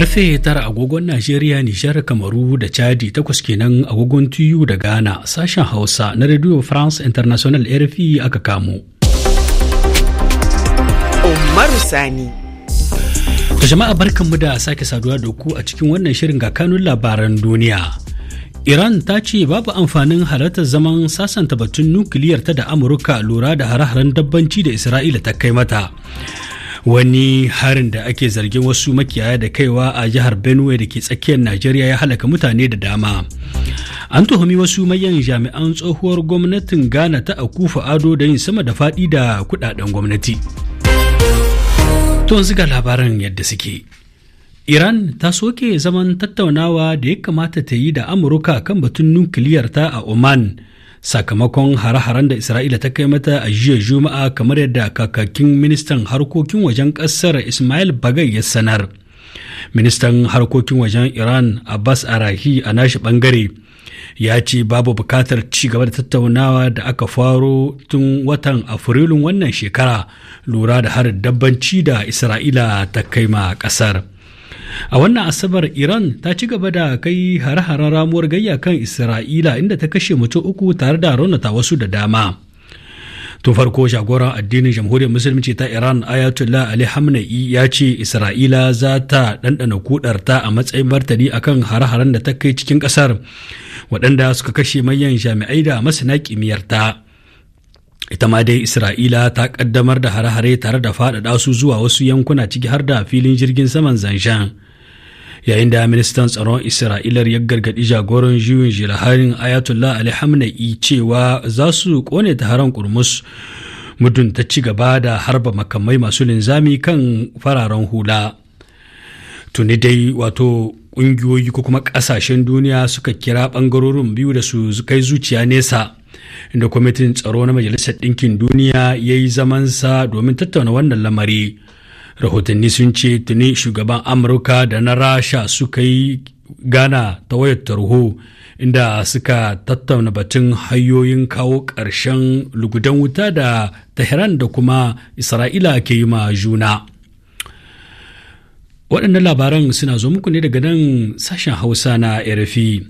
Karfe tara agogon Najeriya, Nijar, Kamaru da Chadi takwas kenan agogon tuyu da Ghana sashen Hausa na Radio France International RFI aka kamo. Umaru Sani. To jama'a barkanmu da sake saduwa da ku a cikin wannan shirin ga kanun labaran duniya. Iran ta ce babu amfanin halartar zaman sasanta batun nukiliyar ta da Amurka lura da hare-haren dabbanci da Isra'ila ta kai mata. wani harin da ake zargin wasu makiyaya da kaiwa a jihar benue da ke tsakiyar najeriya ya halaka mutane da dama an tuhumi wasu mayan jami'an tsohuwar gwamnatin ghana ta akufa ado da yin sama da faɗi da kudaden gwamnati tun ga labaran yadda suke Iran ta soke zaman tattaunawa da ya kamata ta yi da Amurka kan batun nukiliyar ta a Oman sakamakon hare-haren da isra'ila ta kai mata a jiya juma'a kamar yadda kakakin ministan harkokin wajen Kasar ismail bagai ya sanar ministan harkokin wajen iran abbas arahi a nashi bangare ya ce babu bukatar ci gaba da tattaunawa da aka faro tun watan afrilun wannan shekara lura da harin dabbanci da isra'ila ta kai ma kasar. a wannan asabar iran ta ci gaba da kai hare-haren ramuwar gayya kan isra'ila inda ta kashe mutum uku tare da raunata wasu da dama tun farko jagoran addinin jamhuriyar musulunci ta iran ayatollah ali hamna'i ya ce isra'ila za ta ɗanɗana kudarta a matsayin martani akan hare-haren da ta kai cikin ƙasar waɗanda suka kashe manyan jami'ai da masana kimiyyar ita ma dai isra'ila ta kaddamar da hare-hare tare da faɗaɗa su zuwa wasu yankuna ciki har da filin jirgin saman zanshan yayin da ministan tsaron isra'ilar ya gargaɗi jagoran juyin jilaharin ayatollah ali hamna'i cewa za su kone ta haran kurmus mudun ta ci gaba da harba makamai masu linzami kan fararen hula tuni dai wato ƙungiyoyi ko kuma ƙasashen duniya suka kira ɓangarorin biyu da su kai zuciya nesa inda kwamitin tsaro na majalisar ɗinkin duniya ya yi zamansa domin tattauna wannan lamari rahotanni sun ce tuni shugaban amurka da na rasha suka yi gana ta wayar tarho inda suka tattauna batun hanyoyin kawo ƙarshen lugudan wuta da tehran da kuma isra'ila ke yi ma juna waɗannan labaran suna zo muku ne daga nan sashen hausa na rfi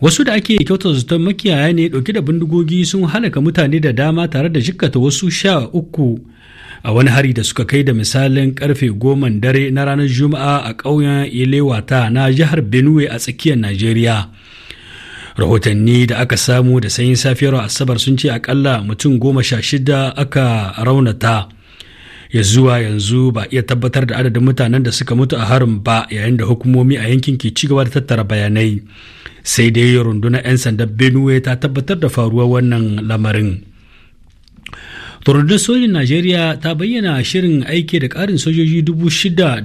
wasu da ake kyauta zaton makiyaya ne ɗauke da bindigogi sun halaka mutane da dama tare da jikkata wasu sha uku a wani hari da suka kai da misalin karfe goman dare na ranar juma'a a ƙauyen ilewata na jihar benue a tsakiyar najeriya rahotanni da aka samu da sanyin safiyar asabar sun ce akalla mutum goma sha shida aka raunata ya zuwa yanzu ba iya tabbatar da adadin mutanen da suka mutu a harin ba yayin da hukumomi a yankin ke cigaba da tattara bayanai sai dai rundunar 'yan sandan benue ta tabbatar da faruwar wannan lamarin Rundunar sojin Najeriya ta bayyana shirin aiki da karin sojoji 6,195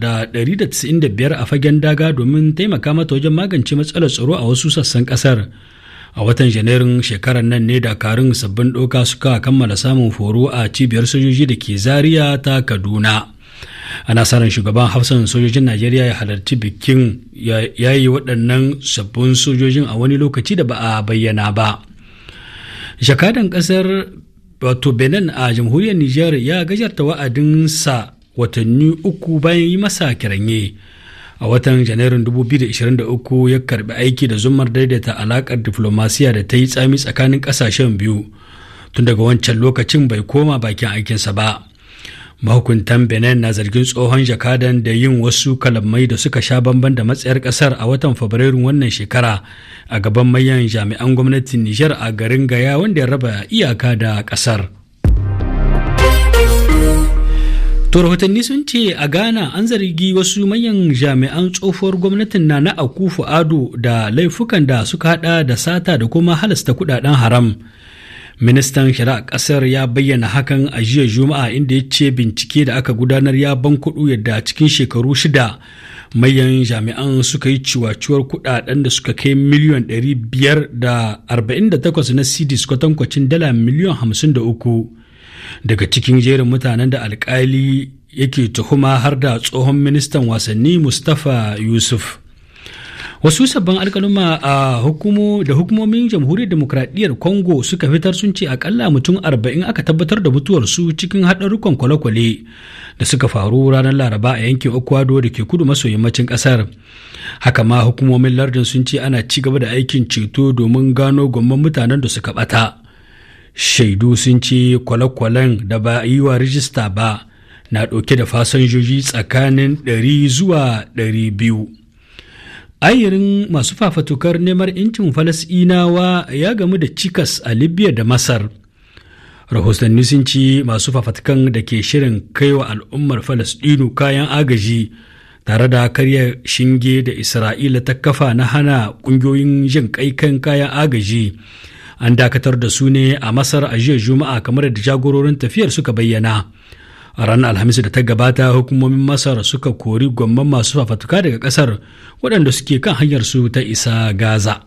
a fagen daga domin taimaka mata wajen magance matsalar tsaro a wasu sassan ƙasar. A watan Janairun shekarar nan ne da dakarun sabbin ɗoka suka kammala samun horo a cibiyar sojoji da ke Zariya ta Kaduna. a sa shugaban hafsan sojojin najeriya ya halarci bikin ya yi waɗannan sabbin sojojin a wani lokaci da ba a bayyana ba jakadan ƙasar wato benin a jamhuriyar niger ya gajarta wa'adinsa watanni uku bayan yi masa kiranye a watan janairun 2023 ya karbi aiki da zumar daidaita alakar diflomasiya da ta yi tsami tsakanin kasashen biyu tun daga wancan lokacin bai koma bakin aikinsa ba mahukuntan benin na zargin tsohon jakadan da yin wasu kalamai da suka sha bamban da matsayar kasar a watan fabrairun wannan shekara a gaban manyan jami'an gwamnatin niger a garin gaya wanda ya raba iyaka da kasar To rahotanni sun ce a Ghana an zargi wasu manyan jami'an tsohuwar gwamnatin na na akufu Ado da laifukan da suka hada da sata da kuma halasta kudaden haram. ministan shari'a kasar ya bayyana hakan a jiya juma'a inda ya ce bincike da aka gudanar ya ban kuɗu yadda cikin shekaru shida mayan jami'an suka yi ciwaciwar kuɗaɗen da suka kai miliyan 548 na cds kwatankwacin dala miliyan 53 daga cikin jerin mutanen da alkali yake tuhuma har da tsohon ministan wasanni mustapha yusuf wasu sabbin alkaluma a hukumo da hukumomin jamhuriyar demokradiyyar congo suka fitar sun ce akalla mutum arba'in aka tabbatar da mutuwarsu cikin haɗarukan kwale-kwale da suka faru ranar laraba a yankin okwado da ke kudu maso yammacin ƙasar haka ma hukumomin lardin sun ce ana ci gaba da aikin ceto domin gano gwamman mutanen da suka ɓata shaidu sun ce kwale-kwalen da ba a yi wa rijista ba na ɗauke da fasinjoji tsakanin 100 zuwa 200 ayyarin masu fafatukar neman incin falasinawa ya gamu da cikas a libya da masar rahotanni sun ci masu fafatukan da ke shirin kai wa al'ummar falasdinu kayan agaji tare da karya shinge da isra'ila ta kafa na hana ƙungiyoyin jin kan kayan agaji an dakatar da su ne a masar a jiya juma'a kamar da jagororin tafiyar suka bayyana a ranar alhamis da ta gabata hukumomin masar suka kori gwamman masu fafatuka daga kasar waɗanda suke kan hanyar su ta isa gaza